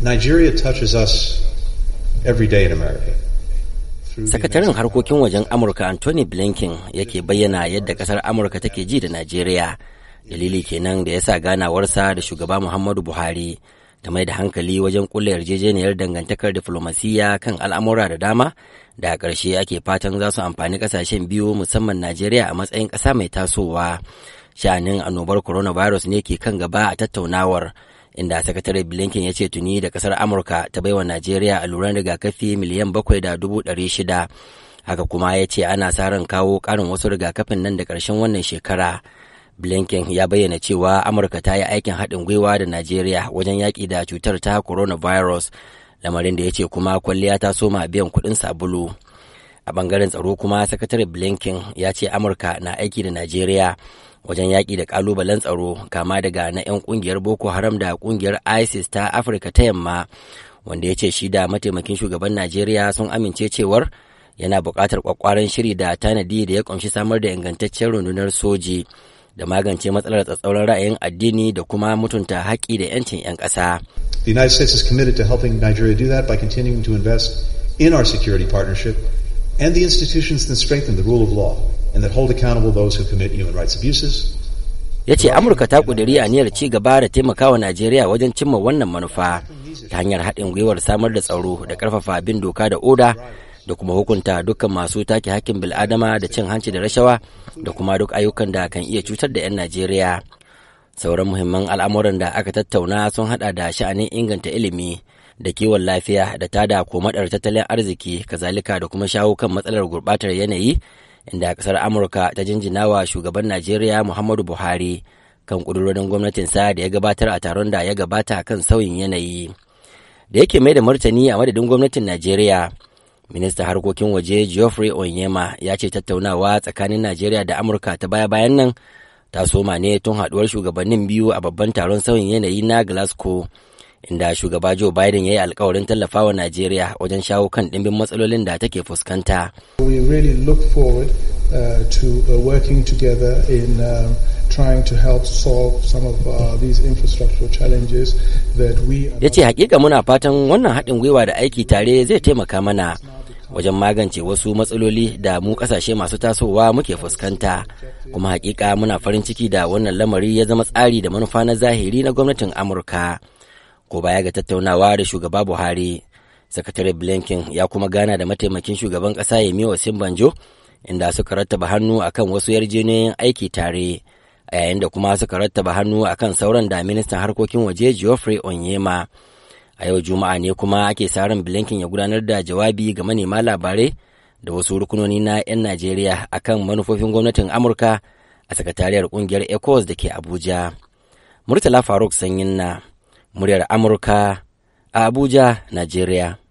Nigeria touches us every day in America. Sakataren harkokin wajen Amurka Anthony Blinken yake bayyana yadda kasar Amurka take ji da Najeriya. Dalili kenan da ya sa ganawarsa da shugaba Muhammadu Buhari ta mai da hankali wajen kulle yarjejeniyar dangantakar diflomasiyya kan al'amura da dama da ƙarshe ake fatan za su amfani ƙasashen biyu musamman Najeriya a matsayin ƙasa mai tasowa. sha'anin annobar coronavirus ne ke kan gaba a tattaunawar inda sakatare blinken ya ce tuni da kasar amurka ta baiwa najeriya alluran rigakafi miliyan bakwai da dubu ɗari shida haka kuma ya ce ana sa ran kawo ƙarin wasu rigakafin nan da ƙarshen wannan shekara blinken ya bayyana cewa amurka ta yi aikin haɗin gwiwa da najeriya wajen yaƙi da cutar ta coronavirus lamarin da ya ce kuma kwalliya ta soma biyan kuɗin sabulu a bangaren tsaro kuma sakatare blinken ya ce amurka na aiki da najeriya wajen yaƙi da ƙalubalen tsaro kama daga na 'yan ƙungiyar boko haram da ƙungiyar isis ta afirka ta yamma wanda ya ce shi da mataimakin shugaban najeriya sun amince cewar yana buƙatar ƙwaƙwaran shiri da tanadi da ya ƙunshi samar da ingantaccen rundunar soji da magance matsalar tsatsauran ra'ayin addini da kuma mutunta haƙƙi da 'yancin 'yan ƙasa. The United States is committed to helping Nigeria do that by continuing to invest in our security partnership and the institutions that strengthen the rule of law and that hold accountable those who commit human rights abuses. Ya ce Amurka ta ƙudiri aniyar ci gaba da taimakawa Najeriya wajen cimma wannan manufa ta hanyar haɗin gwiwar samar da tsaro da ƙarfafa bin doka da oda da kuma hukunta dukkan masu take hakkin bil'adama da cin hanci da rashawa da kuma duk ayyukan da kan iya cutar da 'yan Najeriya. sauran muhimman al'amuran da aka tattauna sun hada da sha'anin inganta ilimi da kiwon lafiya da tada komadar tattalin arziki kazalika da kuma shawo kan matsalar gurbatar yanayi inda kasar amurka ta jinjina wa shugaban najeriya muhammadu buhari kan kudurorin gwamnatinsa da ya gabatar a taron da ya gabata kan sauyin yanayi da yake mai da martani a madadin gwamnatin najeriya Minista harkokin waje geoffrey onyema ya ce tattaunawa tsakanin najeriya da amurka ta baya bayan nan ta soma ne tun haduwar shugabannin biyu a babban taron sauyin yanayi na Glasgow inda shugaba Joe Biden ya yi alkawarin tallafa wa Najeriya wajen shawo kan dimbin matsalolin da take fuskanta. We Ya ce hakika muna fatan wannan haɗin gwiwa da aiki tare zai taimaka mana wajen magance wasu matsaloli da mu kasashe masu tasowa muke fuskanta kuma hakika muna farin ciki da wannan lamari ya zama tsari da manufa na zahiri na gwamnatin amurka ko baya ga tattaunawa da shugaba buhari sakatare blinken ya kuma gana da mataimakin shugaban kasa wa Simbanjo inda suka rattaba hannu akan wasu yarjejeniyoyin aiki tare a yayin da kuma suka rattaba hannu akan sauran da ministan harkokin waje geoffrey onyema a yau juma'a ne kuma ake sa ran blinken ya gudanar da jawabi ga manema labarai da wasu rukunoni na 'yan najeriya akan manufofin gwamnatin amurka a sakatariyar kungiyar ecos da ke abuja murtala faruk sanyin na muryar amurka a abuja najeriya